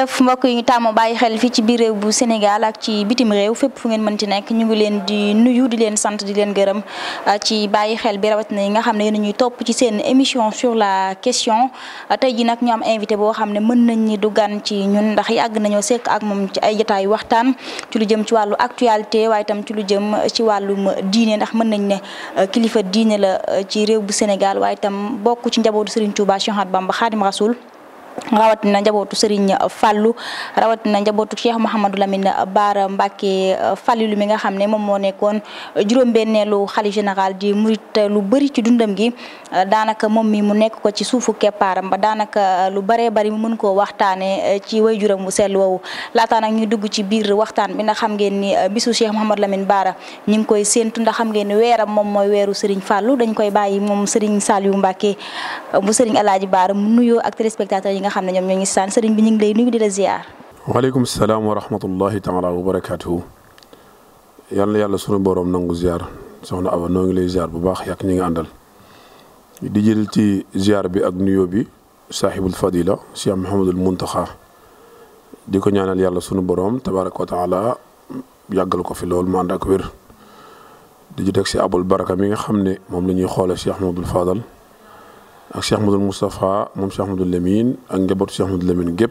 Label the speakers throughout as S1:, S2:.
S1: jërëjëf mbokk yi ñu tàmm bàyyi xel fii ci biir réew bu Sénégal ak ci bitim réew fépp fu ngeen mën ci nekk ñu ngi leen di nuyu di leen sant di leen gërëm euh, ci bàyyi xel bi rawatina yi nga xam ne yéen ñuy topp ci seen émission sur la question euh, tey ji nag ñu invité boo xam ne mën nañ ni du gan ci ñun ndax yi yàgg nañoo sekk ak moom ci ay jotaay waxtaan ci lu jëm ci wàllu actualité waaye tam ci lu jëm ci wàllum diine ndax mën nañ ne euh, kilifa diine la ci réew bu Sénégal waaye tam bokk ci njabootu Serigne Touba Cheikh Ahmadou Bamba Khadim Rasoul rawatina njabootu Serigne Fallou rawatina njabootu Cheikh Mouhamadou baara Bara Mbacké euh, Fallilu mi nga xam ne moom moo nekkoon juróom-benneelu xalifa général di murit lu bari ci dundam gi euh, daanaka moom mi mu nekk ko ci suufu keppaaram ba daanaka euh, lu bare bari mu mën koo waxtaane ci way juram wu sell woowu laataa nag ñu dugg ci biir waxtaan bi ndax xam ngeen ni bisu Cheikh Mouhamadou Lamine baara ñu ngi koy séentu ndax xam ngeen ni weeram moom mooy weeru sëriñ Fallou dañ koy bàyyi moom Serigne Saliou Mbacké bu Serigne nga xam ne ñoom ñoo ngi saan sëriñ bi ñu ngi lay nuyu di la ziar.
S2: waaleykum salaam wa rahmatullahi taala wa barakaatuhu yal na yàlla sunu boroom nangu ziar soxna Awa noo ngi lay ziar bu baax yàq ñu ngi àndal. di jël ci ziar bi ak nuyoo bi saaxibul fadila cheikh Mouhamadul Muntaxa di ko ñaanal yàlla sunu borom tabaraka wa taala yàggal ko fi lool mu ànd ak wér. di ji teg si abul baraka mi nga xam ne moom la ñuy xoolee cheikh Mouhamadul Fadal. ak Cheikh Modou Moustapha moom Cheikh Modou Lamine ak njabootu Cheikh Modou Lamine gépp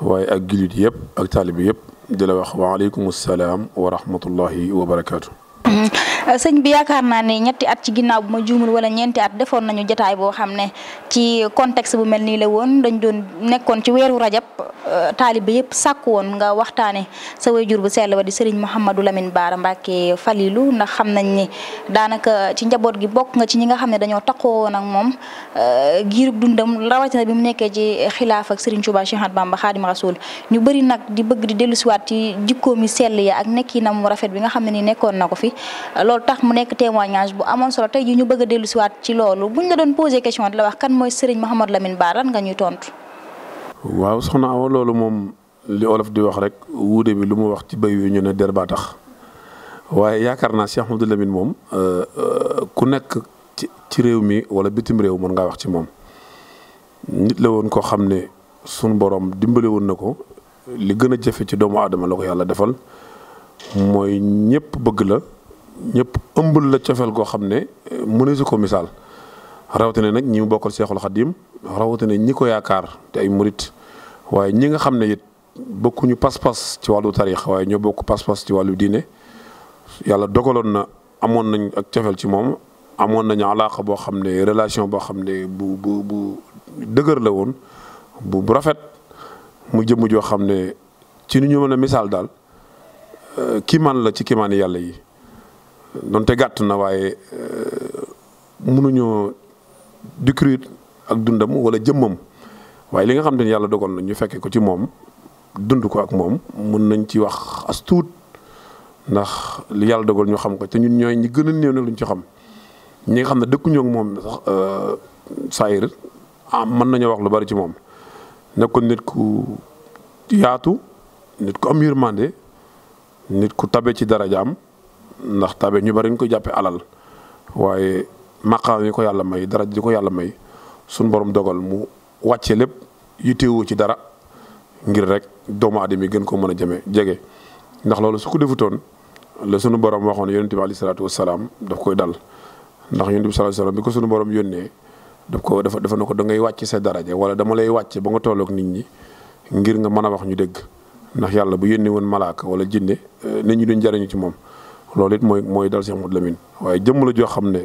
S2: waaye ak jullit yëpp ak taalibi yëpp di la wax waaleykum salaam wa rahmatullahi wa barakaatu. Mm-hmm.
S1: Uh, sëñ bi yaakaar naa ne ñetti at ci ginnaaw bu ma juumul wala ñeenti at defoon nañu jataay boo xam ne ci contexte bu mel nii la woon dañ doon nekkoon ci weeru rajab uh, taalibe yëpp sàkku woon nga waxtaane sa wayjur bu sell wa di sëriñ Mouhamadou Lamine Bara Mbacke Falilou ndax xam nañ ne daanaka ci njaboot gi bokk nga ci ñi nga xam ne dañoo takkoo woon ak moom uh, giirub dundam rawatina bi mu nekkee ci xilaaf ak sëriñ Touba Cheikh Ahmadou Bamba Khadim Rasoul ñu bëri nag di bëgg di dellusiwaat ci jikkoomi sell ya ak nekkinam rafet bi nga xam ne ni nekkoon na ko fi loolu tax mu nekk témoignage bu amoon solo tey ji ñu bëgg a dellu siwaat ci loolu buñ la doon posé question di la wax kan mooy Serigne Mouhamadou Lamine Bara lan nga ñuy tontu.
S2: waaw soxna Awa loolu moom li olof di wax rek wuude bi lu mu wax ci béy wi ñu ne der baa tax waaye yaakaar naa si Mouhamadou Lamine moom euh, euh, ku nekk ci réew mi wala bitim réew moon nga wax ci moom nit la woon koo xam ne sunu borom dimbale na ko li gën a jafe ci doomu aadama la ko yàlla defal mooy ñëpp bëgg la ñëpp ëmbul la cofeel goo xam ne euh, mëne si ko missaal rawatina nag ñi mu bokkal seexul xadim rawatina ñi ko yaakaar te ay murit waaye ñi nga xam ne it bokkuñu pas-pas ci wàllu tarix waaye ñoo bokk pas-pas ci wàllu diine yàlla dogaloon na amoon nañ ak cofeel ci moom amoon nañu alaaqa boo xam ne relation boo xam ne bu bu bu dëgër la woon bu bu rafet mu jëmm joo xam ne ci ni ñu mën a missaal daal euh, kiimaan la ci kiimaani yàlla yi donte gàtt na waaye euh, mënuñoo décrire ak dundam wala jëmmam waaye li nga xam te ni yàlla dogal na ñu fekke ko ci moom dund ko ak moom mën nañ ci wax as tuut ndax li yàlla dogal ñu xam ko te ñun ñooy ñi gën a néew na luñ ci xam xam ne dëkkuñoo ak moom sax euh, ah, mën nañoo wax lu bari ci moom nekkoon nit ku yaatu nit ku am yërmande nit ku tabe ci darajaam ndax tabe ñu bari ñu ko jàppee alal waaye maqaam yi ko yàlla may dara di ko yàlla may suñ borom dogal mu wàcce lépp yittewu ci dara ngir rek doomu aadama yi gën koo mën a jëme jege ndax loolu su ko defutoon la sunu borom waxoon yonente bi alayhi salaatu wasalaam daf koy dal ndax yonente bi salaatu wasalaam bi ko sunu borom yónnee daf ko dafa dafa na ko da ngay wàcc sa daraja wala dama lay wàcce ba nga tollook nit ñi ngir nga mën a wax ñu dégg ndax yàlla bu yónnee woon malaaka wala jinne eh, nit ñi duñ jariñu ci moom loolu it mooy mooy dal Cheikh Modou Lamine waaye jëmm la joo xam ne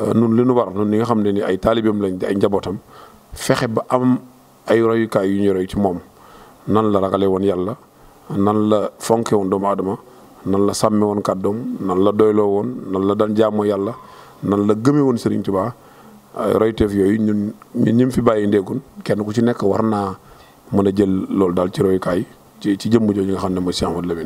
S2: euh, nun lu nu war nun ñi nga xam ne ni ay taalibeem lañ di ay njabootam fexe ba am ay royukaay yu ñu roy ci moom nan la ragale woon yàlla nan la fonke woon doomu aadama nan la sàmme woon kàddoom nan la doyloo woon nan la daan jaamoo yàlla nan la gëme woon Serigne Touba royteef yooyu ñun ñun ñi fi bàyyi ndéegun kenn ku ci nekk war naa mën a jël loolu daal ci royukaay ci ci jëmm jooju nga xam ne mooy Cheikh Modou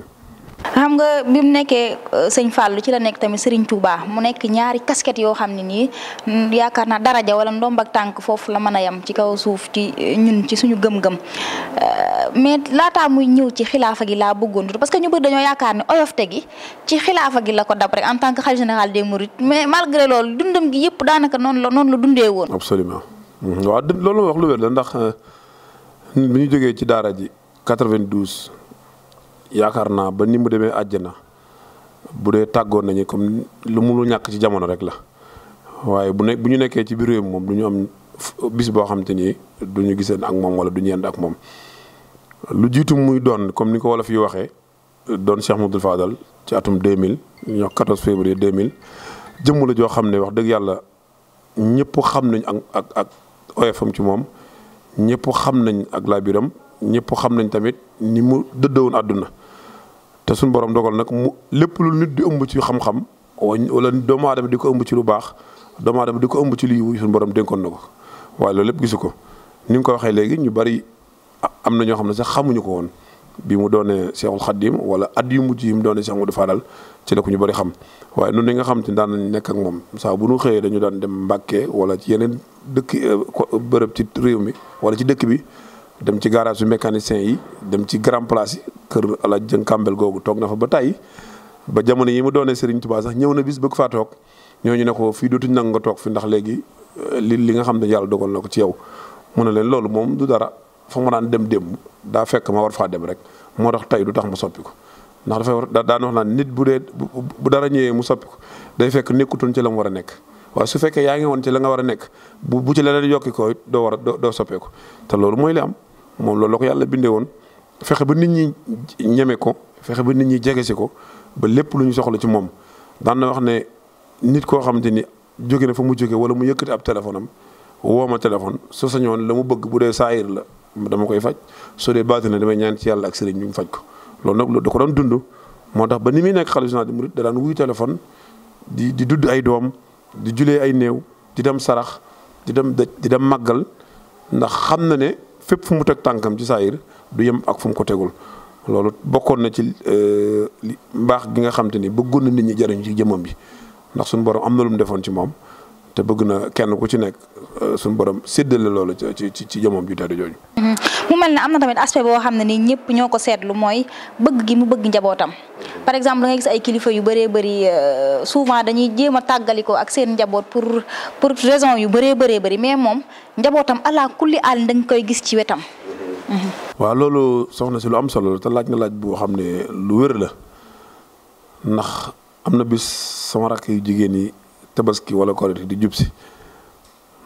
S1: xam nga bi mu nekkee euh, sëñ Fallou ci la nekk tamit Serigne Touba mu nekk ñaari kasket yoo xam ne nii mm, yaakaar naa daraja wala ndombak tànk foofu la mën a yem ci kaw suuf ci euh, ñun ci suñu gëm-gëm euh, mais laataa muy ñëw ci xilaafa gi laa bëggoon parce que ñu bëri dañoo yaakaar ne oyofte gi ci xilaafa gi la ko dab rek en tant que xalifa général des mourides mais malgré loolu dundam gi yëpp daanaka noonu la noonu la dundee woon.
S2: absolument mm-hmm. waaw loolu ma wax lu wér la ndax bi jógee ci daara ji 92. yaakaar naa ba ni mu demee àjjana bu dee tàggoon nañu comme lu munu ñàkk ci jamono rek la waaye bu nekk bu ñu nekkee ci biir réew moom du ñu am bis boo xam ni du ñu giseen ak moom wala du ñu yend ak moom. lu jiitu muy doon comme ni ko wolof fi waxee doon Cheikh Mouhamadoul Fadal ci atum 2000 ñu wax 14 février 2000 jëmm la joo xam ne wax dëgg yàlla ñëpp xam nañ ak ak ak oyofam ci moom ñëpp xam nañ ak laa laabiram ñëpp xam nañ tamit ni mu dëddawoon àdduna te suñu borom dogal nag mu lépp lu nit di ëmb ci xam-xam wala doomu aadama di ko ëmb ci lu baax doomu aadama di ko ëmb ci lu yiw suñu borom dénkoon na ko waaye loolu lépp gisu ko ni nga ko waxee léegi ñu bari am na ñoo xam ne sax xamuñu ko woon bii mu doonee Seexul Xaddim wala at yu mujj yi mu doonee Seex Mudu Faadal ci la ko ñu bari xam waaye nun ni nga xam te daan nañ nekk ak moom saa bu nu xëyee dañu daan dem Mbàkke wala ci yeneen dëkk euh, bërëb ci réew mi wala ci dëkk bi dem ci garage su mécanicien yi dem ci grand place yi kër El Hadj Dieng Kambel googu toog na fa ba tey ba jamono yi mu doonee Serigne Touba sax ñëw na bis bëgg faa toog ñooñu ne ko fii dootuñ nangu nga toog fi ndax léegi euh, li li nga xam ne yàlla dogal na ko ci yow mu ne leen loolu moom du dara fa ma naan dem démb daa fekk ma war faa dem rek moo tax tey du tax ma soppi ko ndax dafay war daan wax naan nit bu dee bu dara ñëwee mu soppi ko day fekk nekkutoon ci la mu war a nekk. waaye su fekkee yaa ngi woon ci la nga war a nekk bu bu ci leneen yokki ko it doo war a doo soppeeku te loolu mooy li am. moom loolu la ko yàlla bindee woon fexe ba nit ñi ñeme ko fexe ba nit ñi jege si ko ba lépp lu ñu soxla ci moom daan wax ne nit koo xamante ni jóge na fa mu jóge wala mu yëkkati ab téléphone am woo ma téléphone su sañoon la mu bëgg bu dee saayir la dama koy faj su dee baati na damay ñaan ci yàlla ak sëriñ ñu mu faj ko. loolu nag da ko doon dund moo tax ba ni muy nekk xalifa général di mu da daan wuy téléphone di di dudd ay doom di julee ay néew di dem sarax di dem di dem màggal ndax xam na fépp fu mu teg tànkam ci saa saayir du yem ak fu mu ko tegul loolu bokkoon na ci euh, mbaax gi nga xam te ni bëggoon na nit ñi jariñ ci jëmam bi ndax suñu borom am na lu mu defoon ci moom te bëgg na kenn ku ci nekk euh, suñu borom séddale loolu ci ci ci jamoom ju tedd jooju. Mm-hmm.
S1: mu mel ne am na tamit aspect boo xam ne nii ñëpp ñoo ko seetlu mooy bëgg gi mu bëgg njabootam par exemple da ngay gis ay kilifa yu bëree bëri euh, souvent dañuy jéem a tàggalikoo ak seen njaboot pour pour raison yu bëree bëree bëri mais moom njabootam ala kulli àll dañ koy gis ci wetam. Mm-hmm.
S2: waaw loolu soxna si lu am solo te laaj nga laaj boo xam ne lu wér la ndax am na bis sama yu jigéen yi. tabaski wala korite di jub si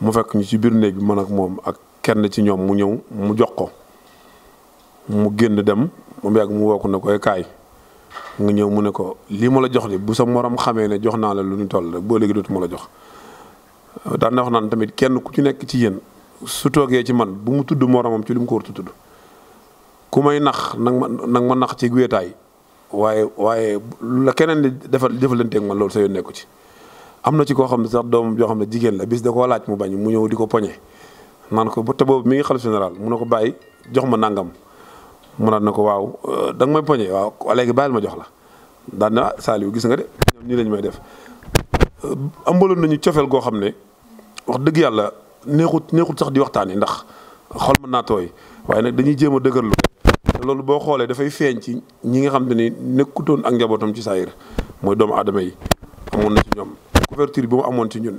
S2: mu fekk ñu ci biir néeg bi man ak moom ak kenn ci ñoom mu ñëw mu jox ko mu génn dem mu yàgg mu wokk na koy eh, kaay nga ñëw mu ne ko lii ma la jox de bu sa morom xamee ne jox naa la lu ñu toll rek boo léegi dootuma la jox daan na wax naan tamit kenn ku ci nekk ci yéen su toogee ci man bu mu tudd moromam ci li mu ko war tudd ku may nax nag ma ma nax ci wéetaay waaye waaye lu la keneen di defal jëfalanteeg man loolu sa yoon nekku ci. am na ci koo xam ne sax doomam joo xam ne jigéen la bis da koo laaj mu bañ mu ñëw di ko poñe naan ko te boobu mi ngi xam général mu ne ko bàyyi jox ma nangam mu naan na ko waaw euh, da may poñe waaw léegi bàyyil ma jox la daan na ah, Saliou gis nga de ñoom nii lañ may def ambaloon euh, nañu cofeel goo xam ne wax dëgg yàlla neexut neexut sax di waxtaan yi ndax xol ma naa tooy waaye nag dañuy jéem a dëgërlu te loolu boo xoolee dafay feeñ ci ñi nga xam te ni nekkutoon ak njabootam ci saayir mooy doomu aadama yi na ci ñoom couverture bi mu amoon ci ñun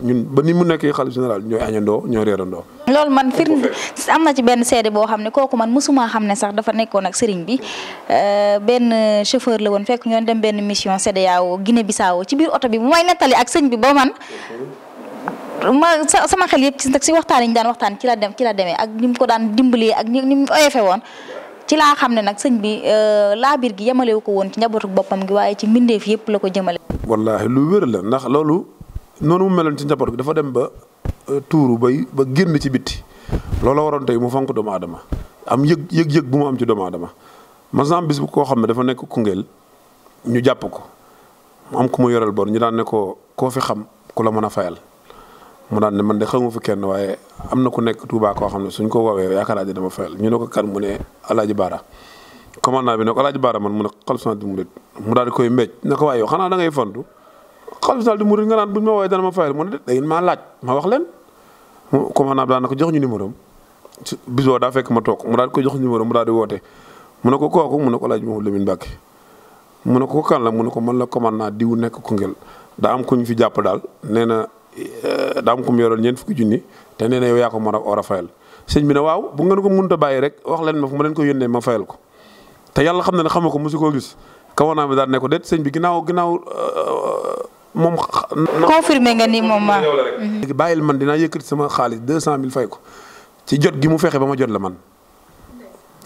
S2: ñun ba ni mu nekkee xalif général ñooy añandoo ñooy reerandoo.
S1: loolu man firnde am na ci benn seede boo xam ne kooku man mosuma xam ne sax dafa nekkoon ak sëriñ bi euh, benn chauffeur la woon fekk ñoo dem benn mission sedda CEDEAO Guinée Bissau ci biir oto bi bu may nettali ak sëñ bi boo man ma sama xel yëpp ci nag si waxtaan yi ñu daan waxtaan ci la dem ci la demee ak ni mu ko daan dimbalee ak ni mu oyefe woon. ci laa xam ne nag sëñ bi euh, laabir gi yemalewu ko woon ci njabootu boppam gi waaye ci mbindeef yëpp la ko jëmale.
S2: wallaahi lu wér la ndax loolu noonu mu meloon ci njaboot bi dafa dem ba euh, tuuru bay ba génn ci bitti looloo waroon tey mu fonk doomu adama am yëg yëg-yëg bu mu am ci doomu aadama mas am bis bu koo xam ne dafa nekk Koungheul ñu jàpp ko mu am ku mu yoreel bor ñu daan ne ko koo fi xam ku la mën a fayal. mu daan ne man de xamu fu kenn waaye am na ku nekk Touba ko xam ne suñ ko woowee yaakaar naa dama fayal ñu ne ko kan mu ne Alaaji bi ne ko Alaaji Baara man mu ne mu daal di koy mbéj ne ko waaye xanaa da ngay fontu xalifa général des mourides nga naan buñ ma woowee dana ma fayal mu ne day maa laaj ma wax leen mu commandant bi ko jox ñu numéro am ci daa fekk ma toog mu daal di koy jox numéro mu daal di woote mu ne ko kooku mu ne ko Alaaji Mouhamadou Lamine Mbacke mu ne ko kan la mu ne ko man la commandant diw nekk Koungheul daa am ku ñu fi jàpp daal nee na Eh, daam kum yoroon ñeent fukki junni te nee na yow yaa ko mën a war a fayal sëñ bi ne waaw bu ngeen ko mënut a bàyyi rek wax leen ma fu ma leen ko yónnee ma fayal ko te yàlla xam na ne xamu ko mosu koo gis kawanaa bi daal ne ko déet sëñ bi ginnaaw ginnaaw eh, moom. confirmé nga ni
S1: mhm.
S2: bàyyil man dinaa yëkkati sama xaalis 200000 fay ko ci jot gi mu fexe ba ma jot la man.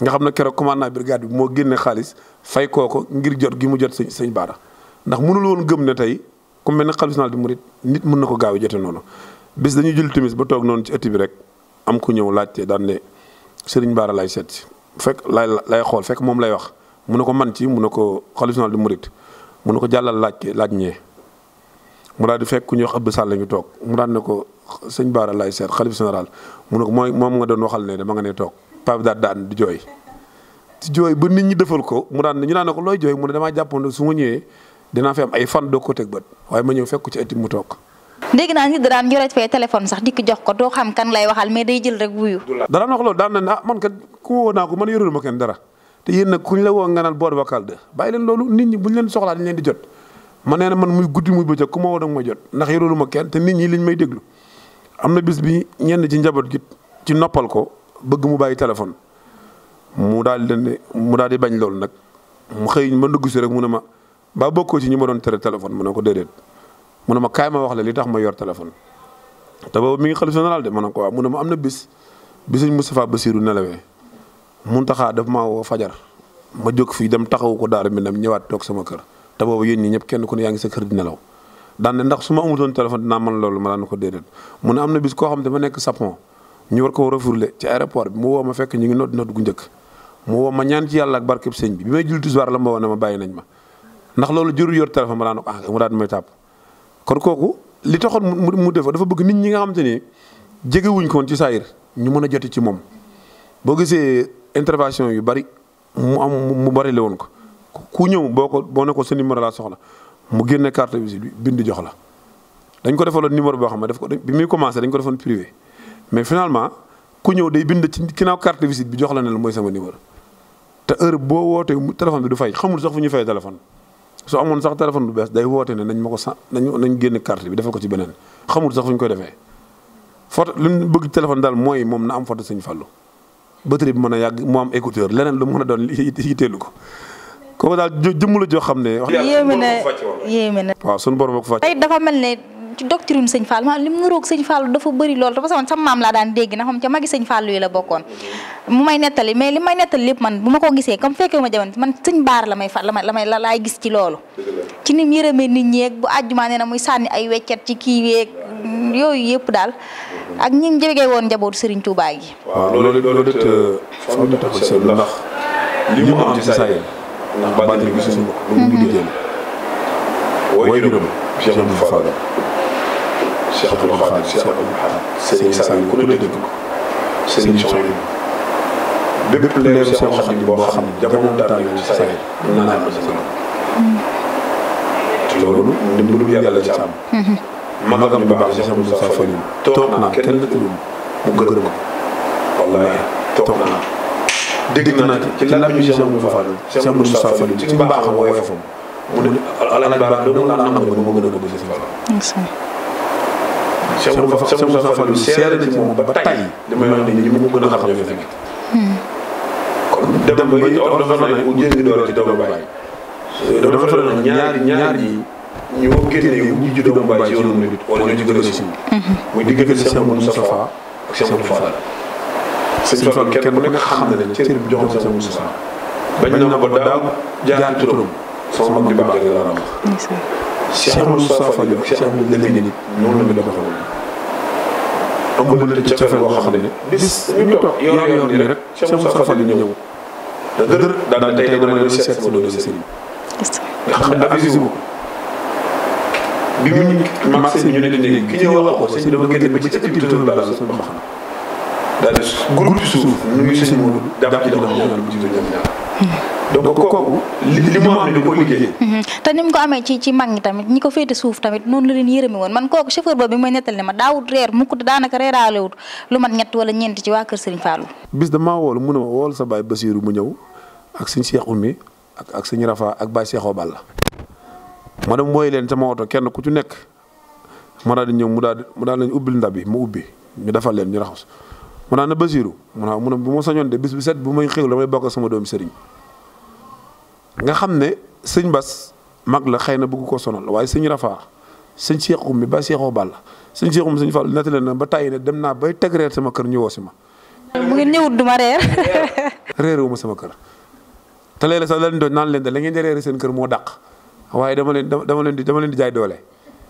S2: xam ne keroog commandant brigade bi moo génnee xaalis fay koo ko ngir jot gi mu jot sëñ sëñ Baara ndax mënul woon gëm ne tey comme benn xalifa général di murit nit mun na ko gaaw a jote noonu bis dañuy jël timis ba toog noonu ci ëtt bi rek am ku ñëw laajte daan ne Serigne Bara lay seet si fekk lay lay xool fekk moom lay wax mu ne ko man ci mun ne ko xalifa général di murit mu ne ko jàllal laaj laaj ñee mu daal di fekk ku wax Abdou Sall ñu toog mu daan ne ko sëñ Bara laay seet xalifa général mu ne ko mooy moom nga doon waxal ne dama nga ne toog Pape daal daan di jooy ci jooy ba nit ñi defal ko mu daan ne ñu daan ne ko looy jooy mu ne damaa jàppoon su ma ñëwee dinaa fi am ay fan doo ko teg bët waaye ma ñëw fekk ko ci ëtt mu toog.
S1: dégg naa nit daan yore fee téléphone sax dikk jox ko doo xam kan lay waxal mais day jël rek wuyu.
S2: dara wax loolu daan na ah, man kat ku woo ma kenn dara te yéen nag ku la woo nga naan boori vocal de bàyyi leen loolu nit ñi bu leen soxlaa leen di jot. ma nee man muy guddi muy bëccëg ku ma woo da ma jot ndax yorul ma kenn te nit ñi liñ may déglu am na bis bi ñenn ci njaboot gi ci noppal ko bëgg mu bàyyi téléphone mu daal di mu daal di bañ loolu nag mu xëy ma dugg si rek mu ne ma ba bokkoo ci ñi ma doon tere téléphone mu ne ko déedéet mu ne ma kaay ma wax la li tax ma yor téléphone te boobu mi ngi xalifa général de ma ne ko waaw mu am na bis bi sëñ Moustapha Bassirou nelawee Muntaxa daf maa woo fajar ma jóg dem taxawu ko daara mi dem toog sama kër te boobu yéen ñi ñëpp kenn ku ne yaa ngi sa kër di nelaw daan ndax su ma amutoon téléphone dinaa mën loolu ma daan ko déedéet mu ne am na bis koo xam dafa nekk sapon ñu war ko refourlé ci aéroport bi mu woo ma fekk ñu ngi nodd nodd gu njëkk mu woo ma ñaan ci yàlla ak barkeb bi bi may julli tisbaar la ma ne ma bàyyi nañ ma ndax loolu jërul yor téléphone daan ah mu daal di may tàpp kooku li taxoon mu mu def dafa bëgg nit ñi nga xam ni jegewuñ ko woon ci saayir ñu mën a joti ci moom boo gisee intervention yu bari mu am mu bari woon ko ku ñëw boo ko boo ne ko sa numéro laa soxla mu génne carte bi bind jox la. dañ ko defaloon numéro boo xam ne daf ko bi commencé dañ ko defoon privé mais finalement ku ñëw day bind ci ginnaaw carte visite bi jox la ne mooy sama numéro te heure boo wootee téléphone bi du fay xamul sax fu ñu fay téléphone. su amoon sax téléphone lu bees day woote ne nañ ma ko sa nañ génn carte bi defal ko ci beneen xamul sax fu ñu koy defee photo li mu bëgg téléphone daal mooy moom na am photo Sëñ Fallu batterie bi mën a yàgg mu am écouteur leneen lu mu mën a doon yitteelu ko kooku daal jëmm la joo xam ne. yéeme na
S1: yéeme na. waaw sunu borom ak dafa mel ne ci doctrine sëñ Fall maanaam lim nuroog sëñ Fall dafa bëri lool parce que man sama maam laa daan dégg na xam ca magi sëñ Fall yi la bokkoon mu may nettali mais li may nettali lépp man bu ma ko gisee comme fekkee ma jamono man sëñ baar la may fa la la laay gis ci loolu ci nim yërëmee nit ñeeg bu àjjumaa nee na muy sànni ay weccet ci kii yeeg yooyu yëpp daal ak ñi mu jege woon njabootu Serigne Touba gi.
S2: waaw loolu loolu it Cheikh Abdoul Khadir Cheikh Abdoul Khadir Serigne Saliou ku ne dégg ko Serigne Souhaïbou bépp leeru Cheikh Khadim boo xam ne jamono daan nañu ci saa yi naan ma ci te loolu ndimbalu yàlla ci
S1: am
S2: magam bu baax Cheikh Abdoul Moussa Falilou toog naa kenn la tudd mu gërëm ko wallaahi toog naa dégg naa ci lan la ñu Cheikh Abdoul Falilou Cheikh Abdoul Moussa Falilou ci mbaaxam woyofam mu ne alaaj baax doomu laa nangu ma gën a bëgg Serigne Fallou Cheikh Moussa Fallou seere na ci moom ba tay damay wax ni a xam ñoo ba it on dafa na u ñu woo génne ñu juddoo doomu baay ci yoonu nit wala ñu ci gën a siiw
S1: muy diggante Cheikh Moustapha
S2: ak Cheikh Moustapha Fall sëñ Fall kenn xam na ne cër bi joxoon Cheikh Moustapha bañ na ko daaw jaar turam sama mag di baax rek la ram Cheikh Moustapha am nga ci cofeel boo xam ne bis ñu toog yor yor nii rek Cheikh Moustapha di ñëw
S1: dëgër daan tey dama leen seet sama doon sëriñ nga xam ne avisé
S2: bi mu mag seen ñu ne léegi ki ñëw wax ko sëñ dama génn ba ci ëpp bi tëdd bala sama mbax na daal di groupe suuf ñu ngi sëñ mu jàpp ci dama ñaanal bu donc kooku li mu am
S1: te ni mu ko amee ci ci mag ñi tamit ñi ko féete suuf tamit noonu la leen yërëmi woon man kooku chauffeur boobu bi may nettal ne ma daawut reer mukk daanaka reeraalewut lu mat ñett wala ñeenti ci waa kër Serigne Fallou
S2: bis damaa woolu mu ne ma wool sa baay Basiiru mu ak ak suñu Rafa ak baay Balla ma dem wooyu leen sama oto kenn ku ci nekk ma daal di ñëw mu daal mu daal lañ ubbil ndab bi mu ubbi ñu defal leen ñu raxas mu naan na Basiiru mu ne bu ma sañoon de bis bu set bu may xew la may bokk sama doom Serigne nga xam ne sëñ Bas mag la xëy na bugg ko sonal waaye sëñ Rafa sëñ Seexum bi ba Seexoo Balla sëñ Seexum sëñ Fall nettali na ba tàyyi ne dem naa bay teg reer sama kër ñëwoo si ma.
S1: mu ngi ñëwut
S2: kër te léeg sax lan doon naan leen de la ngeen di reere seen kër moo dàq waaye dama leen dama leen di dama leen di jaay doole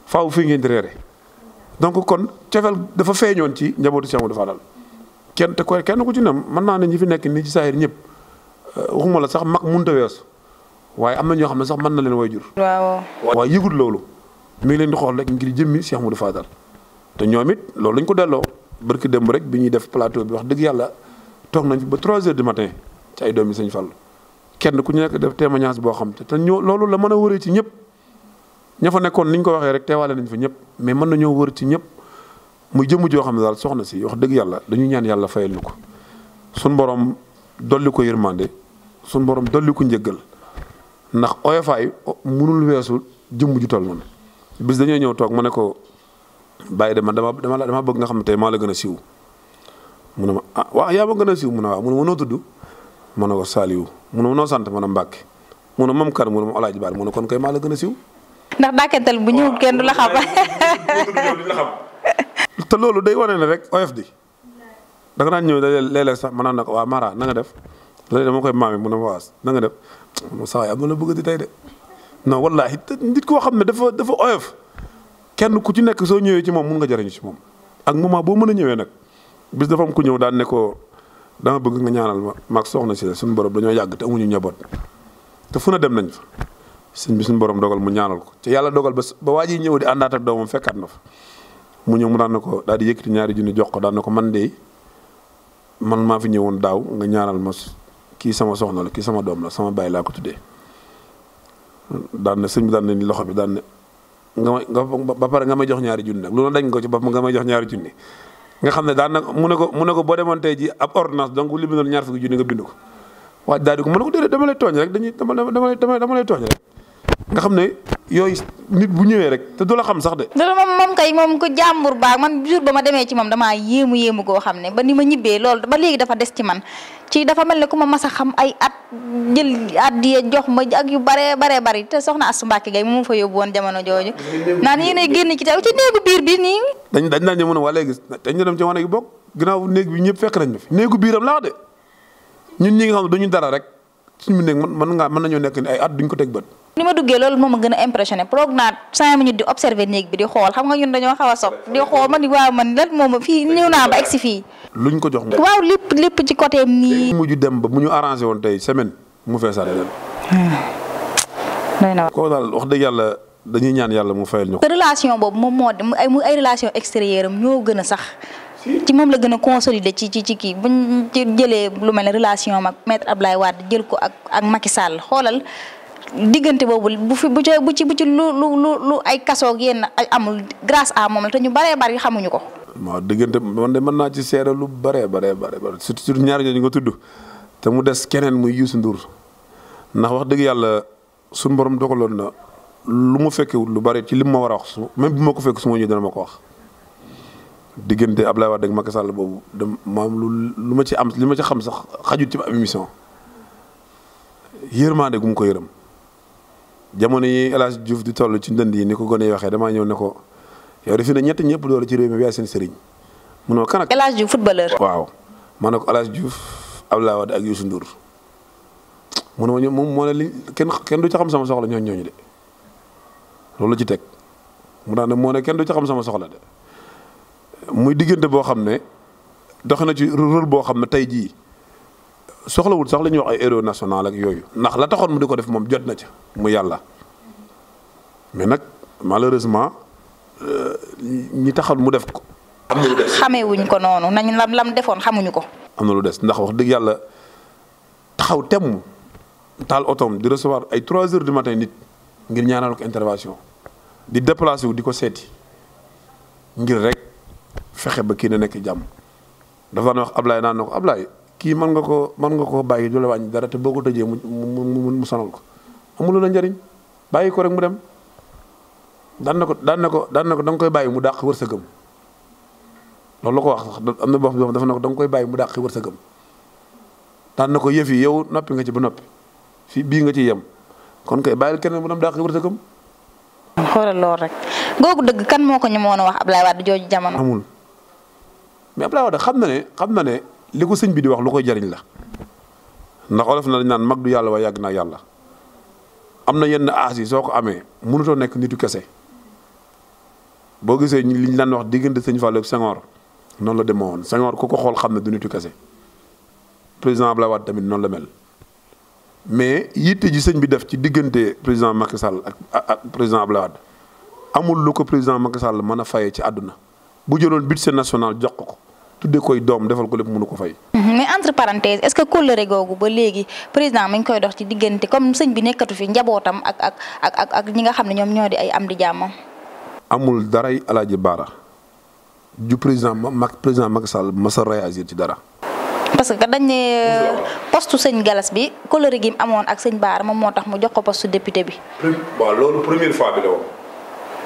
S2: faaw fii ngeen di reere donc kon cofeel dafa feeñoon ci njabootu Cheikh Amadou Fadal kenn kenn ku ci ne mën naa ne ñu fi nekk nii ci saa yër ñëpp waxuma la sax mag mënut a weesu waaye am na ñoo xam ne sax mën na leen way jur waaw waaye yëgut loolu mi ngi leen di xool rek ngir jëmmi Cheikh Modou Fadal te ñoom it loolu lañ ko delloo barki démb rek bi ñuy def plateau bi wax dëgg yàlla toog nañ fi ba 3 heures du ay doomi Sëñ Fall kenn ku ñu nekk def témoignage boo xam te te ñoo loolu la mën a wëree ci ñëpp ña fa nekkoon ni ñu ko waxee rek teewaale nañ fa ñëpp mais mën na nañoo wër ci ñëpp mu jëmm joo xam ne daal soxna si wax dëgg yàlla dañuy ñaan yàlla fayal ñu ko suñ borom dolli ko yërmande suñ borom dolli ko njëggal ndax oyofaay mënul weesu jëmm ju toll noonu bis dañoo ñëw toog ma ne ko bàyyi de man dama dama dama bëgg nga xam ne tey maa la gën a siiw mu ne ma ah waaw yaa ma gën a siiw mun ne waaw mu ne ma noo tudd ma ne ko sant ma ne mu ne moom kan mu ne ma Alaaji Baar mu ne kon koy maa la gën a siiw.
S1: ndax dàkkantal bu ñëw kenn du la
S2: te loolu day wane na rek oyof di. danga naan ñëw da léeg sax ma naan ne ko waa Mara na def. léegi dama koy maame mu ne ma waas na nga def mu saa am na la bëgg di tey de non wallaahi nit koo xam ne dafa dafa oyof kenn ku ci nekk soo ñëwee ci moom mun nga jëriñu ci moom ak moment boo mën a ñëwee nag bis dafa ku ñëw daan ne ko dama bëgg ñaanal ma maag soxna si suñu borom dañoo yàgg te njaboot te fu na dem nañ fa sëñ bi suñu borom dogal mu ñaanal ko te yàlla dogal ba ba waa ji ñëw di àndaat ak doomam fekkaat na fa mu ñëw mu daan na ko daal di yëkk ti ñaari junni jox ko daan na ko man de man maa fi ñëwoon daaw nga ñaanal ma kii sama soxna la kii sama doom la sama baay laa ko tuddee daan na sëñ bi daan nañ loxo bi daan na ba pare nga may jox ñaari junni nag lu dañ ko ci boppam nga may jox ñaari junni nga xam ne daan na mu ne ko mu ne ko boo demoon tey ji ab ordonnance donc li mu doon ñaar fukki junni nga bind ko waaye daal di ko mu ne ko déedéet dama lay tooñ rek nga xam ne yooyu nit bu ñëwee rek te du la xam sax de.
S1: dina moom moom kay moom ku jàmbur baax man jour ba ma demee ci moom damaa yéemu yéemu goo xam ne ba ni ma ñibbee loolu ba léegi dafa des ci man ci dafa ne ku ma mas xam ay at jël addiya jox ma ak yu bare bare bari te soxna Astou Mbacké Gaye moom fa yóbbu woon jamono jooju. naan yéen a génn ci taw ci néegu biir bi nii.
S2: dañ dañ daan mën a waa léegi dañ dem ci wane gi bokk ginnaaw néeg bi ñëpp fekk nañ ma fi néegu biiram laa ñun ñi nga duñu dara rek suñu néeg mën mën ngaa mën nañoo nekk ay at duñ ko teg bët
S1: li ma duggee loolu moom ma gën a impressionné proog naa cinq minutes di observé néeg bi di xool xam nga ñun dañoo xaw a sob di xool man waaw man lan moom fii ñëw naa ba egsi fii.
S2: luñ ko jox nga. waaw
S1: lépp lépp ci côté am nii.
S2: dem ba mu ñu arrangé woon tey semaine mu feesaat leen. doy na koo daal wax dëgg yàlla dañuy ñaan yàlla mu fayal ñu ko.
S1: relation boobu moom moo ay mu ay relation extérieure am ñoo gën a sax. ci moom la gën a consolider ci ci ci kii buñ ci jëlee lu mel ne relation am ak maître Ablaye Wade jël ko ak ak Macky Sall xoolal. diggante boobu bu fi bu ci bu ci bu ci lu lu lu ay kasoog yenn amul grâce a moom la te ñu baree bari xamuñu ko.
S2: waaw diggante de mën naa ci seere lu baree baree baree surtout surtout ñaar ñooñu nga tudd te mu des keneen muy Youssou Ndour ndax wax dëgg yàlla suñu borom dogaloon na lu mu fekkewul lu bari ci lim ma war a wax su même bu ma ko fekk suma ñu ñëw dana ma ko wax. diggante Ablaye Wade ak Macky Sall boobu de maam lu lu ma ci am li ma ci xam sax xajut ci ab émission yërmande gu mu ko yërëm. jamono yi El Hadj Diouf di toll ci ndënd yi ni ko gone waxee damaa ñëw ne ko yow defi na ñett ñëpp doole ci réew mi yaay seen sëriñ mu ne ma kan ak. El Hadj waaw ma ne ko El Hadj Diouf Abdoulaye Wade ak Youssou Ndour mu ne ma ñoom moom moo ne li kenn kenn du ca xam sama soxla ñooñu ñooñu de loolu ci teg mu daan ne moo ne kenn du ca xam sama soxla de muy diggante boo xam ne dox na ci rôle boo xam ne tey jii. soxlawul sax la ñuy wax ay héros national ak yooyu ndax la taxoon mu di ko def moom jot na ca mu yàlla mais nag malheureusement euh, ñi taxal mu def ko.
S1: am wuñ ko noonu nañ lam lam defoon xamuñu ko.
S2: am na lu des ndax wax dëgg yàlla taxaw temm taal otoom di recevoir ay 3 heures du matin nit ngir ñaanal ko intervention di déplacé wu di ko seeti ngir rek fexe ba kii na nekk jàmm dafa daan wax Ablaye naan na ko Ablaye. kii mën nga koo mën nga koo bàyyi du la wàññi dara te boo tëjee mu mu mu sonal ko amul la njariñ bàyyi ko rek mu dem daan na ko daan na ko daan na ko da koy bàyyi mu dàq wërsëgam loolu ko wax am na boppam dafa ne ko da koy bàyyi mu dàq wërsëgam daan ko yëf yi noppi nga ci ba nopp fi bii nga ci yem kon kay bàyyil keneen mu dem dàq wërsëgam.
S1: xoolal loolu rek googu dëgg kan moo ko ñemoon a wax Ablaye Wade jooju jamono.
S2: amul mais Ablaye Wade xam na ne xam na ne. li ko sëñ bi di wax lu koy jariñ la ndax olof na dañ naan mag du yàlla waaye yàgg naa yàlla am na yenn aas yi soo ko amee mënutoo nekk nitu kese boo gisee li ñu daan wax diggante sëñ Fallou ak Senghor noonu la demoo woon Senghor ku ko xool xam ne du nitu kese président Abdoulaye Wade tamit noonu la mel mais yitte ji sëñ bi def ci diggante président Macky Sall ak président Abdoulaye Wade amul lu ko président Macky Sall mën a fayee ci àdduna bu jëloon budget national jox ko tuddee koy doom defal ko lépp mënu ko fay.
S1: Mhm. mais entre parenthèse est-ce que kóllëre googu ba léegi président mi ngi koy dox ci diggante comme sëñ bi nekkatu fi njabootam ak ñi nga xam ne ñoom ñoo di am di jàmmam.
S2: amul daray alaaji baara ju président Macky président Macky Sall masa réagir ci dara.
S1: parce que dañ ne poste sëñ Galas bi kóllëre gi amoon ak sëñ Baara moo tax mu jox ko poste député bi.
S2: waaw loolu première fois bi la woon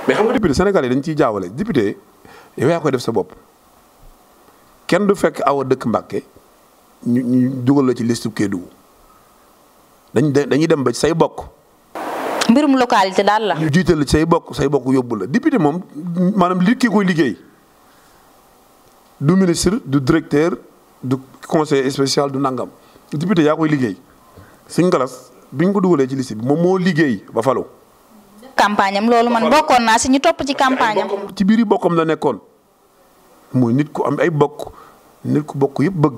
S2: mais xam nga député Sénégal yi dañ ciy jaawale député yow yaa koy def sa bopp. kenn du fekk awa dëkk mbakke ñu ñu dugal la ci liste Kédougou dañ dañuy dem ba say bokk.
S1: mbirum localité daal la.
S2: ñu jiital la say bokk say bokk yóbbu la député moom maanaam li liggéey du ministre du directeur du conseil spécial du nangam député yaa koy liggéey suñ galas biñ ko dugalee ci liste bi moom moo liggéey ba falo
S1: campagne loolu man bokkoon naa si ñu topp ci campagne am.
S2: ci biir bokkam la nekkoon. mooy nit ku am ay bokk nit ku bokk yëpp bëgg.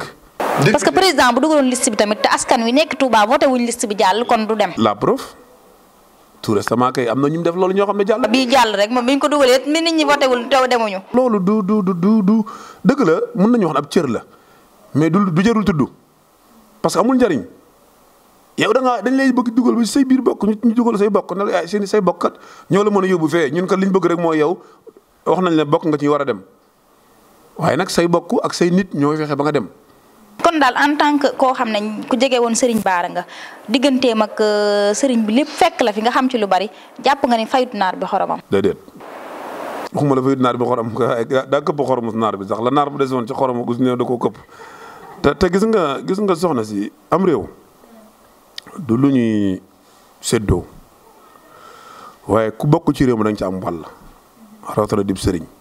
S2: parce que président
S1: bu dugaloon liste bi tamit te askan wi nekk Touba voté wuñ liste bi kon du dem.
S2: la preuve tout récemment kay am na ñu mu
S1: def loolu ñoo xam ne jàll. bii jàll rek moom bi ñu ko dugalee mi nit ñi voté wul te demuñu. loolu du du du du du
S2: dëgg la mën nañu wax ab cër la mais du du jërul tudd parce que amul njariñ yow da dañ lay bëgg dugal ba say biir bokk ñu dugal say bokk ne la ah, seen say bokkat ñoo la mën a yóbbu fee ñun kat li ñu bëgg rek mooy yow wax nañ la bokk nga ci war a dem. waaye nag say bokk ak say nit ñoo fexe ba nga dem.
S1: kon daal en tant que koo xam ne ku jege woon Serigne Bara nga digganteem ak euh, Serigne bi lépp fekk la fi nga xam ci lu bari jàpp nga ni fayut naar bi xoromam.
S2: déedéet waxuma la fayut naar bi xorom daa naar bi sax la naar bu desoon ci xorom gus ne da koo te te gis nga gis nga soxna si am réew du lu ñuy séddoo waaye ku bokk ci réew mi da nga ci am wàll rawatina dib Serigne.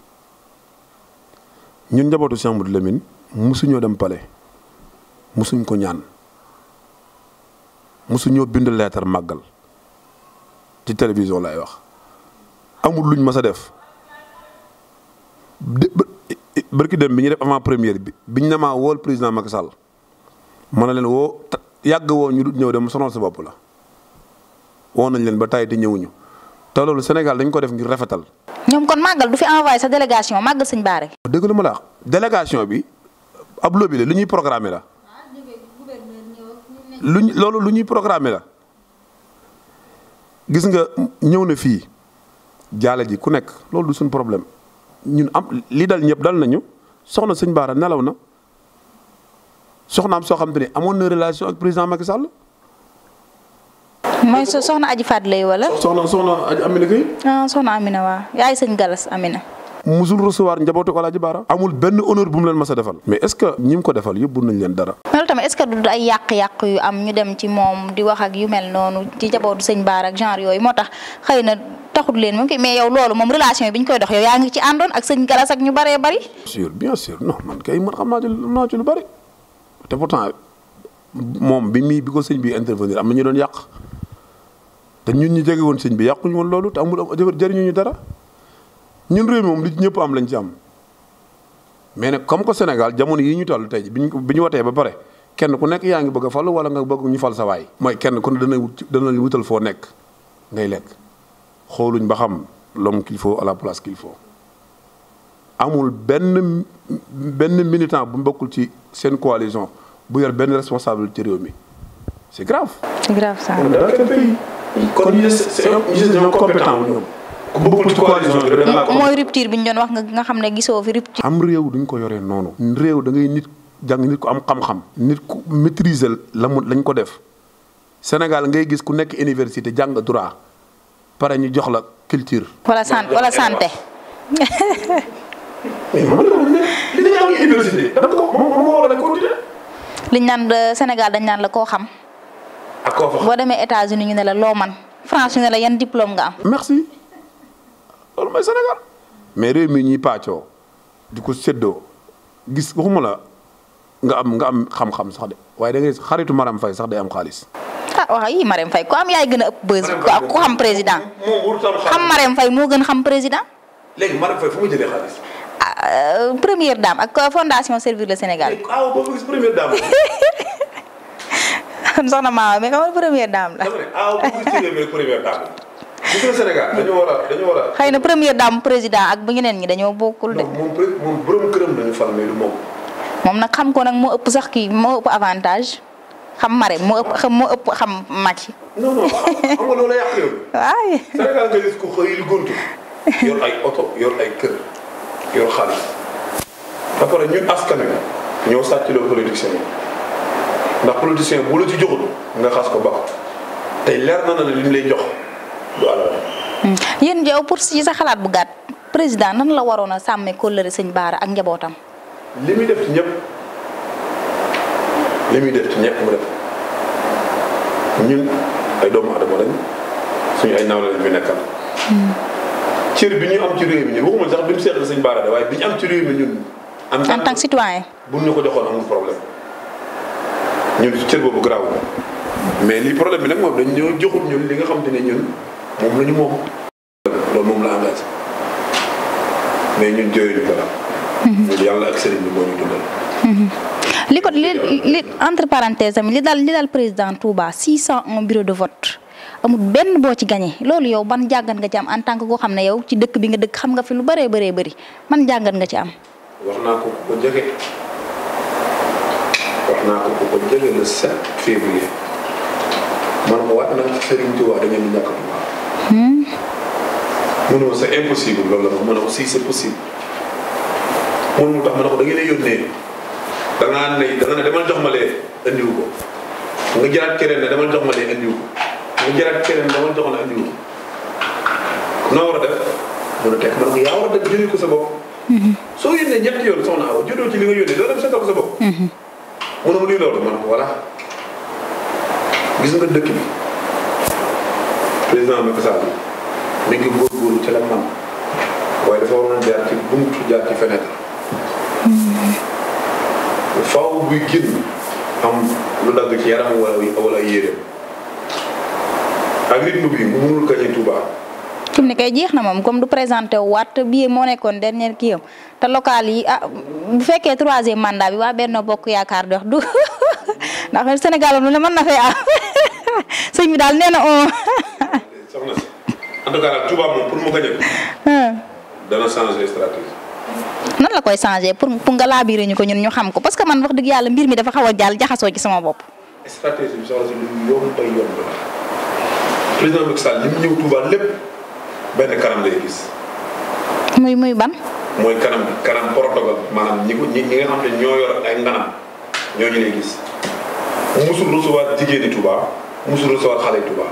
S2: ñun njabootu Cheikh Modou Lamine mosuñoo dem palais mosuñ ko ñaan mosuñoo bindu leetar màggal ci télévision laay wax amul luñ mës a def bërki dem bi ñu def avant première bi biñ ne maa wool président Macky Sall ma na leen woo yàgg woo ñu du ñëw dem sonal sa bopp la woo nañ leen ba tàyyi te ñëwuñu te loolu Sénégal dañ ko def ngir rafetal.
S1: ñoom kon màggal du fi envoyé sa délégation màggal sëñ Baare.
S2: Ah, dëgg la ma la délégation bi ab lobby la lu ñuy programmé la. luñ loolu lu ñuy programmé la gis nga ñëw na fii jaale ji ku nekk loolu du suñ problème ñun am lii dal ñëpp dal nañu soxna sëñ Baara nelaw na soxnaam soo xam te ne amoon na relation ak président Macky Sall.
S1: mooy soxna Aji Faat lay wala.
S2: soxna soxna Aji Amina Gueye.
S1: ah soxna Amina waaw yaay sëñ Galas Amina.
S2: musul recevoir njabootu Alaaji Baara. amul benn honneur bu mu leen mës a defal. mais est-ce que ñi ko defal yóbbu nañ mais loolu
S1: tamit est-ce que du ay yàq-yàq yu dem ci moom di wax ak yu mel noonu ci njabootu sëñ Baara ak genre yooyu moo tax xëy na taxut leen moom mais yow loolu moom relation bi ñu koy dox yow yaa ngi ci àndoon ak sëñ Galas ak ñu bëree bëri. bien sûr
S2: bien sûr non man man xam naa lu bëri te moom bi muy bi ko sëñ bi intervenir am na ñu doon yàq te ñun ñu jege woon sëñ bi yàquñu woon loolu te amul jëriñu ñu dara ñun réew moom li ñëpp am lañ ci am. mais nag comme que Sénégal jamono yi ñu toll tey bi ñu bi ñu watee ba pare kenn ku nekk yaa ngi bëgg a wala nga bëgg ñu sa waay. mooy kenn ku ne dana wut dana wutal foo nekk ngay lekk xooluñ ba xam l'homme qu'il faut amul benn benn militant bu bokkul ci seen coalition. bu yor benn responsable ci réew mi c'est grave.
S1: c'est grave kon ñu ñoom compétent wu
S2: ñoom. ku bokkul ci mooy
S1: rupture bi ñu nga xam ne gisoo fi rupture.
S2: am réew duñ ko yoree noonu. réew da ngay nit jàng nit ku am xam-xam. nit ku maîtriser la lañ ko def Sénégal ngay gis ku nekk université jàng droit pare ñu jox la culture.
S1: wala santé. li naan Sénégal dañ naan la koo xam. boo demee États-Unis ñu ne la loo man France ñu ne la yan diplôme nga am. merci
S2: loolu mooy Sénégal mais réew mi ñuy pàccoo di ko séddoo gis waxuma la nga am nga am xam-xam sax de waaye da xaritu Marème Faye sax
S1: day am xaalis. ah wax yii Marème Faye am yaay gën a ëpp bës xam président. xam Marème Faye moo gën xam président. léegi Euh, première dame ak euh, fondation servir le Sénégal. ah boobu soxna Maama mais xam nga première dame
S2: la. ah xëy
S1: na première dame président ak bu ñeneen ñi dañoo bokkul de. moom
S2: moom borom këram dañu fal moom.
S1: nag xam ko nag moo ëpp sax kii moo ëpp avantage xam mare moo ëpp xam mac ëpp ah,
S2: Sénégal nga gis ko xëy li gontu yor xaalis ba pare ñun askan wi ñoo sàccloo politicien yi ndax politicien bu la ci joxul nga xas ko baax tey leer na ne li ñu lay jox du alal.
S1: Hmm. yéen yow pour si sa xalaat bu gàtt président nan la waroon a sàmmee kóllëre sëñ Baara ak njabootam.
S2: li muy def ci ñëpp li muy def ci ñëpp mu def ñun ay doomu aadama lañ suñu ay nawle lañ fi nekkal. Hmm. cër bi ñu am ci réew mi ñun waxuma sax bi ñu seetlu sëñ Bara de waaye bi ñu am ci réew mi ñun. am en tant que citoyen. bu ñu ko joxoon amul problème ñun cër boobu garaaw mais li problème bi nag moom dañ ñoo joxut ñun li nga xam te ne ñun moom la ñu moom. loolu moom la engagé mais ñun jooyuñu daal. Mhm. yàlla ak sëriñ bi moo ñu dundal.
S1: Mhm. li ko li li entre parenthèses am li daal li daal président Touba 601 bureau de vote. amul benn boo ci gagné loolu yow man jàngat nga ci am en tant que koo xam ne yow ci dëkk bi nga dëkk xam nga fi lu bëree bëree bëri man jàngat nga ci am.
S2: wax naa ko ku ko jege wax naa ko ku ko jege le 7 hmm? ne ko da ngeen a ne demal jox ma lee andiwu ko nga jëlaat keneen ne demal jox ma lee andiwu mu jëlaat keneen ba ma joxoon andi ko noo war def mu ne yaa war def jëlee ko sa bopp. Mhm. soo yónnee ñetti yoon soxna Awa jotoo nga yónnee doo dem ko sa bopp. Mhm. mu ne gis nga dëkk bi président Macky Sall mi ngi góorgóorlu ci la man waaye dafa waroon a ci buntu jaar ci fenêtre. Mhm. faaw buy génn am lu dagg ci yaram wala wala ak
S1: rythme jeex na moom comme du présenté waat bii moo nekkoon dernier kii te local yi ah, bu fekkee troisième mandat bi waa Bokk Yaakaar dox du ndax Sénégal na fay am daal nee na on.
S2: soxna pour mu gagné ko.
S1: nan la koy changer pour nga laabiré ñu ko ñun ñu xam ko parce que man wax dëgg yàlla mbir mi dafa xaw a jàll jaxasoo ci sama bopp.
S2: stratégie bi soxna si lu yomb président Macky Sall li mu ñëw Touba lépp benn kanam lay gis. muy muy ban. mooy kanam kanam protocole maanaam ñi ko ñi nga xam ne ñoo yor ay nganam ñooñu lay gis musul recevoir jigéeni Touba musul recevoir xale Touba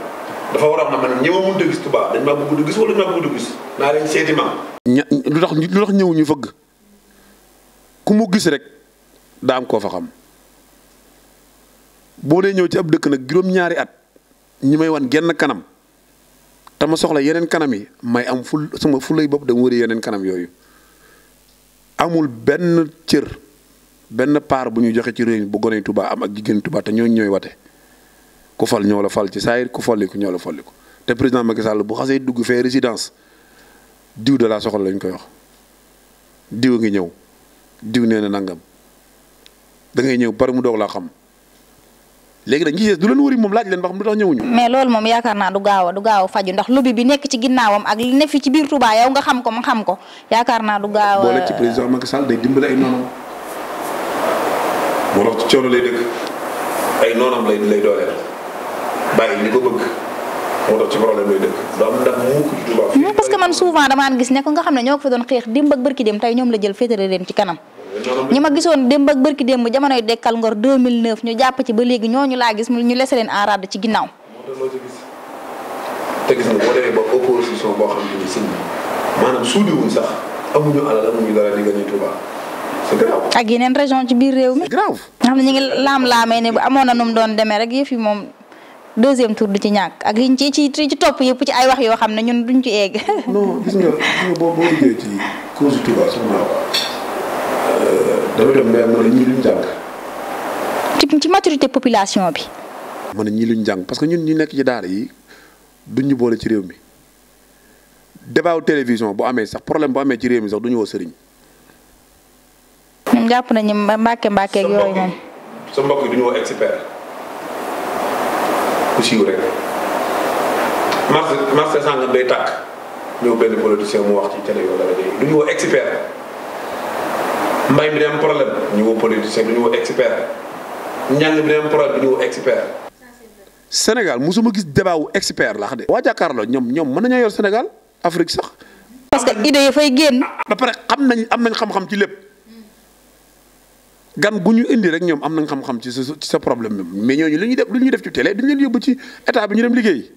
S2: dafa war a am na man ñi ma mënut a gis Touba dañ maa bëgg gis wala dañ maa bëgg a gis naa leen seeti ma. lu tax lu tax ñëw ñu fëgg ku mu gis rek daa am koo fa xam boo dee ñëw ci ab dëkk nag juróom-ñaari at. ñi may wan genn kanam te ma soxla yeneen kanam yi may am ful sama fulay bopp dama wëri yeneen kanam yooyu amul benn cër benn paar bu ñu joxee ci réew bu gone tubaa am ak jigéen Touba te ñooñu ñooy wate ku fal ñoo la fal ci saayir ku folliku ñoo la folliku te président Macky Sall bu xasee dugg fee résidence diw de la soxla lañ koy wax diw ngi ñëw diw nee na nangam dangay ñëw pare mu doog laa xam. léegi nag ñi du leen wëri moom laaj leen ba xam lu tax ñëwuñu mais
S1: loolu moom yaakaar naa du gaaw a a faju ndax lobby bi nekk ci ginnaawam ak li ne fi ci biir Touba yow nga xam ko ma xam ko yaakaar naa du gaaw a boole ci
S2: ci coono lay dëkk ay noonam lay lay dooleel bàyyi ko bëgg moo tax ci mukk ci Touba
S1: non parce que man souvent damaa gis ne ko nga xam ne ñoo ko doon xeex démb ak bërki démb tey ñoom la jël féetale leen ci kanam ñi ma gisoon démb bërki démb jamonoy dekkal ngor 2009 ñu jàpp ci ba léegi ñooñu laa gis ñu lese leen en rade ci ginnaaw te région ci biir réew mi. grave. nga xam ne ñu ngi laam-laamee ne amoon na nu doon demee rek yëf yi moom. deuxième tour du ci ñàkk ak liñ ci ci ci topp yëpp ci ay wax yoo xam ne ñun duñ ci egg. non gis
S2: nga boo boo liggéey ci cours euh,
S1: maturité population bi.
S2: man ñii luñ jàng parce que ñun ñu nekk ci daara yi duñ ñu boole ci réew mi débat wu télévision bu amee sax problème boo amee ci réew mi sax du ñu woo sëriñ.
S1: ñun jàpp nañu mbàkke mbàkke ak yooyu moom.
S2: sa mbokk yi du ñu woo expert. ku siiw rek marché marché sàngam day tàkk ñëw benn politicien mu wax ci télé yooyu dara jëy du ñu woo expert mbay mi dem problème ñu woo du ñu woo expert njàng mi dem problème du ñu expert Sénégal mosuma gis débat expert laax de waa jàkkaarloo ñoom ñoom mën nañoo yor Sénégal Afrique sax parce que idée yi fay génn ah, ba xam nañ am nañ xam-xam ci lépp gan gu ñu indi rek ñoom am nañ xam-xam ci sa ci sa problème bi mais ñooñu lu def lu ñuy def ci télé duñu leen yóbbu ci état bi ñu dem liggéey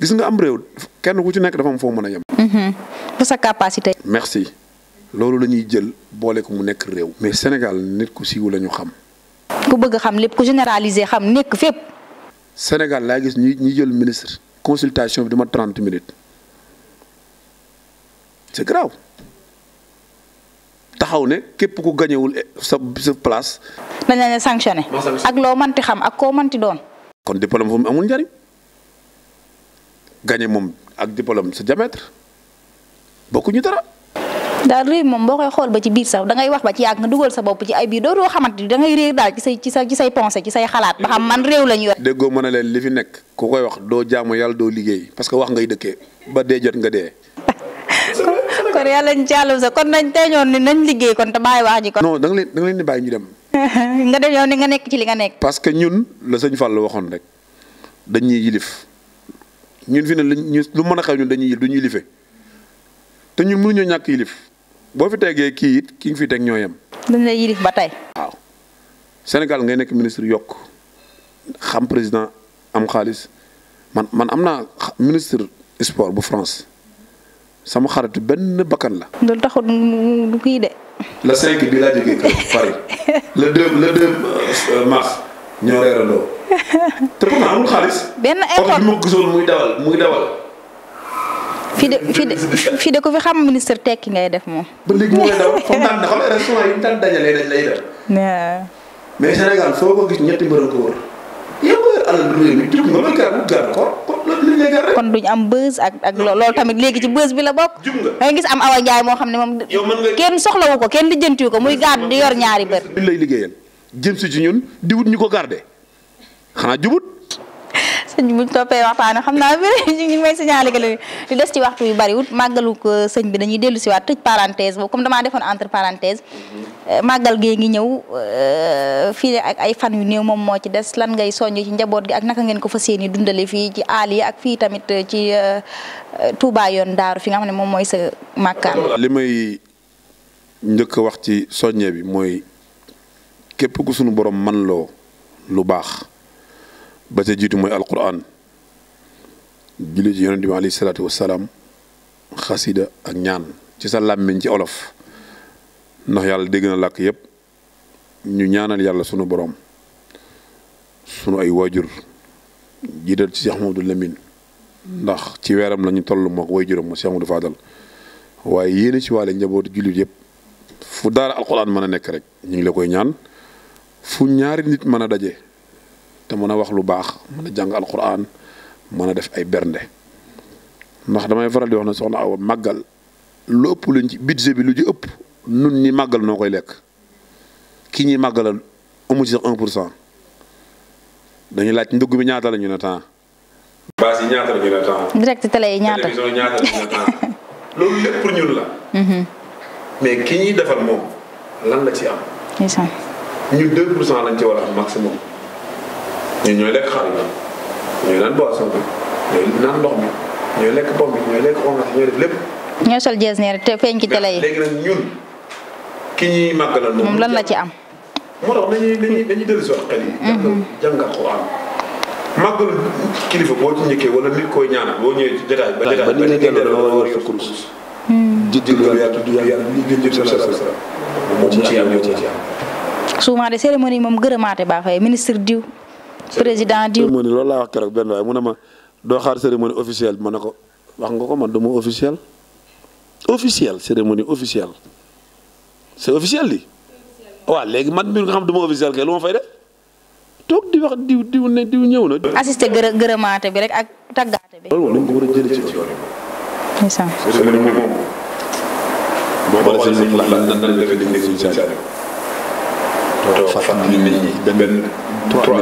S2: gis nga am réew kenn ku ci nekk dafa am foo mën a yem.
S1: Mm-hmm. pour sa capacité.
S2: merci loolu la ñuy jël boole ko mu nekk réew. mais Sénégal nit ku siiw lañu ñu xam.
S1: ku bëgg xam lépp ku généraliser xam nekk fépp.
S2: Sénégal laa gis ñu ñu jël ministre consultation bi dama 30 minutes c'est grave. taxaw ne képp ku gañewul eh, sa sa place.
S1: dañ leen sanctionné. ak loo manti xam ak koo manti doon.
S2: kon diplôme fu mu amul njariñ gañe moom ak diplôme sa diamètre bokkuñu dara.
S1: daal réew moom boo koy xool ba ci biir sax da ngay wax ba ci yàgg nga dugal sa bopp ci ay biir doo doo xamante ni da ngay réer daal ci say ci sa ci say say xalaat ba xam man réew la ñu
S2: yor. déggoo mën a leen li fi nekk ku koy wax doo jaamu yàlla doo liggéey parce que wax ngay dëkke ba dee jot nga dee.
S1: kon yàlla ñu ci àll sa kon nañ teeñoon ni nañ liggéey kon te bàyyi wax ji kon. non
S2: da nga leen bàyyi ñu dem.
S1: nga dem yow ni nga nekk ci li nga nekk.
S2: parce que ñun la sañ sëñ Fall waxoon rek dañuy yilif ñun fi ne ñu lu mën a xew ñu dañuy yilif du ñu yilife te ñu mënuñoo ñàkk yilif boo fi tegee kii it ki nga fi teg ñoo yem.
S1: dañ lay yilif ba tey.
S2: Sénégal ngay nekk ministre yokk xam président am xaalis man man am naa ministre sport bu France. sama xarit benn bakkan la.
S1: loolu taxul mu kii de.
S2: le cinq bi laa jógee kër Paris le deux le deux euh, mars ñoo reerandoo te
S1: pourtant amul xaalis. benn école
S2: muy dawal muy dawal.
S1: fi de ko fi xam ministre tekki ngay def moom.
S2: ba léegi mu ngi dawal foog daan na xam restaurant yi ñu daan dajalee dañ lay def. mais Sénégal foo ko gis ñetti mbërën ko wër yow nga yor alal réew mi jug nga may gàddu gàddu ko.
S1: kon duñ am buzz ak ak tamit léegi ci buzz bi la bokk da nga gis am Awa Ndiaye moo xam ne moom kenn soxlawu ko kenn lijjantiwu ko muy gàddu di yor ñaari bër
S2: duñ lay liggéeyal jëm si ci ñun di ñu ko garde xanaa jubut
S1: sëñ bi buñ toppee waxtaan xam naa bi ñu ngi may signalé que li des ci waxtu yu bariwut màggalu ko sëñ bi dañuy dellu si waat tëj parenthèse damaa defoon entre mhm. euh, màggal gee ngi ñëw euh, fii ak ay fan yu néew moom moo ci des lan ngay soññ ci njaboot gi ak naka ngeen ko fas yéene dundale fii ci aal yi ak fii tamit euh, ci Touba yoon daaru fi nga xam ne moom mooy sa màkkaan
S2: li may njëkk wax ci soññe bi mooy képp ku sunu borom man lu baax ba ca jiitu mooy alquran julli ci yonente bi alayhi salaatu wasalaam xasida ak ñaan ci sa làmmiñ ci olof ndax yàlla dégg na làkk yépp ñu ñaanal yàlla sunu boroom sunu ay waajur jiital ci Cheikh Mamadou Lamine ndax ci weeram lañu ñu toll mook waajuram mu Cheikh Mamadou Fadal waaye yéen ci waale njabootu jullit yépp fu daara alquran mën a nekk rek ñu ngi la koy ñaan fu ñaari nit mën a daje te mën a wax lu baax mën a jàng alquran mën a def ay bernde ndax damay faral di wax ne soxna Awa lu ëpp bi lu ci ëpp nun ñi màggal noo koy lekk ki ñuy màggalal mu ci sax laaj ndugg mi ñaata la ñu ne temps. yi ñaata la ñu ne temps.
S1: direct télé ñun la. Mm-hmm.
S2: mais ki ñuy defal moom lan la ci am. ñu deux pour cent lañ ci war a am maximum. ñun ñooy lekk xar yi ñooy naan boisson bi ñooy naan ndox mi ñooy lekk pom bi ñooy lekk orange ñooy def lépp.
S1: ñooy sol jeesneer te feeñ ci télé yi léegi
S2: nag ñun lan la ci am. moo tax dañuy dañuy dañuy dellu si wax xel yi. Mm-hmm. jàngat Alxuraan màggal kilifa boo ci njëkkee wala nit koy ñaanal boo ñëwee ci jotaay ba jotaay ba ni ngay delloo war a yor sa kurus.
S1: cérémonie moom gërëmaate baa fay ministre diw. président diw.
S2: cérémonie loolu laa wax keroog benn waaye mu ne ma doo xaar cérémonie officielle ma ne ko wax nga ko man du ma officiel officiel cérémonie officielle c'est officiel li waaw léegi man mi nga xam du ma officiel lu ma fay def toog di wax diw diw ne diw ñëw na. assisté gërë
S1: gërëmaate bi rek ak tàggaate
S2: bi. a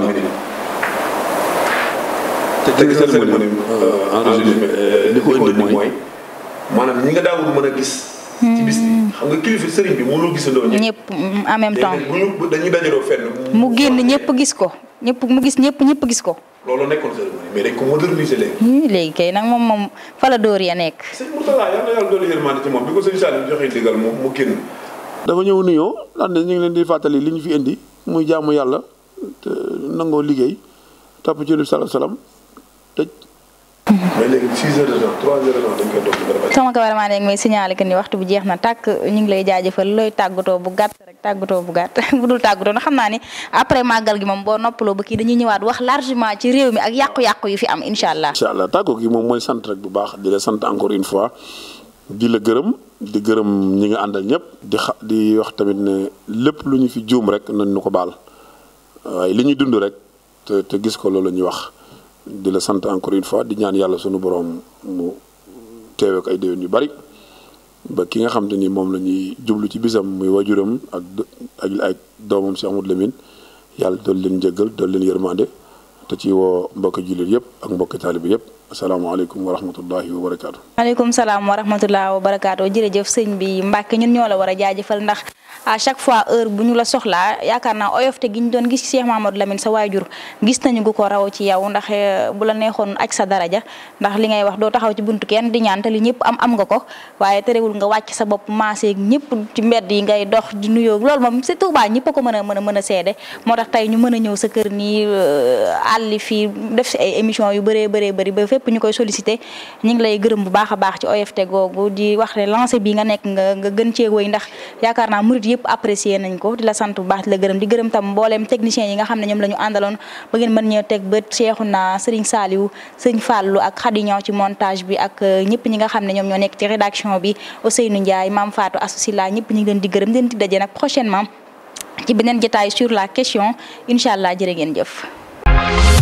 S2: jëlee ci te gis nga cérémonie bi. Euh, ah, euh, li ko indi mooy maanaam ñi nga daawul mën a gis. ci bis bi hmm. xam nga kilifa sëriñ bi mënuloo gisandoo ñëpp. ñëpp en temps
S1: mu génn ñëpp gis ko ñëpp mu gis ñëpp ñëpp gis ko.
S2: loolu nekkoon cérémonie mais dañ
S1: hmm, léegi. kay nag moom moom fa dóor ya nekk. sëñ
S2: Mourtala yal na yàlla dolli yërmande ñëw nuyoo daan ñu leen di fàttali li ñu fi indi muy jaamu yàlla te nangoo liggéey topp ci Nabi sallallahu alayhi wasallam tëj. mais léegi 6 heures de temps
S1: 3 heures de ni waxtu bi jeex na tàkk ñu ngi lay jaajëfal looy tàggatoo bu gàtt rek tàggatoo bu gàtt bu dul tàggatoo xam naa ni après màggal gi moom boo noppaloo ba kii dañuy ñëwaat wax largement ci réew mi ak yàqu-yàqu yu fi am incha allah.
S2: incha allah tàggoo moom mooy sant rek bu baax di la sant encore une fois di la gërëm di gërëm ñi nga àndal ñëpp di xa di wax tamit ne lépp lu ñu fi juum rek nañ ko baal waaye lu ñu dund rek te gis ko loolu ñuy wax di la sant encore une fois di ñaan yàlla sunu borom mu teewe ak ay déwén yu bari ba ki nga xam te ni moom la ñuy jublu ci bisam muy wajuram ak ak ak doomam si Amadou Lamine yàlla dool leen jéggal dool leen yërmande te ci woo mbokki jullit yëpp ak mbokki taalibi yëpp asalaamaaleykum wa rahmatullahi wa barakaatu.
S1: maaleykum salaam wa wa barakaatu jërëjëf sëñ bi Mbacke ñun ñoo la war a jaajëfal ndax. à chaque fois heure bu ñu la soxlaa yaakaar naa oyofte gi ñu doon gis Cheikh Mamadou Lamine sa waajur gis nañu gu ko raw ci yow ndax eh, bu la neexoon ak sa daraja ndax li ngay wax doo taxaw ci buntu kenn di ñaan te li ñëpp am am nga ko waaye terewul nga wàcc sa bopp maasee ñëpp ci mbedd yi ngay dox di nuyoo loolu moom c'est Touba ñëpp ko mën a mën a mën a seede moo tax tey ñu mën a ñëw sa kër nii euh, àlli fii def si ay émission yu bëree bëree bëri ba fépp ñu koy sollicité ñu ngi lay gërëm bu baax a baax ci oyofte googu di wax ne bi nga nekk nga nga gën cee ndax murit yëpp apprécier nañ ko di la sant bu baax di la gërëm di gërëm tam mbooleem techniciens yi nga xam ne ñoom la ñu àndaloon ba ngeen mën ñëw teg bët Cheikhouna Serigne Saliou Serigne Fallou ak Khady Niang ci montage bi ak euh, ñëpp ñi nga xam ne ñoom ñoo nekk ci rédaction bi Ousseynou Ndiaye Mame Fatou Assousila ñëpp ñu ngi leen di gërëm di leen di daje nag prochainement ci beneen jotaay sur la question incha allah jërë ngeen jëf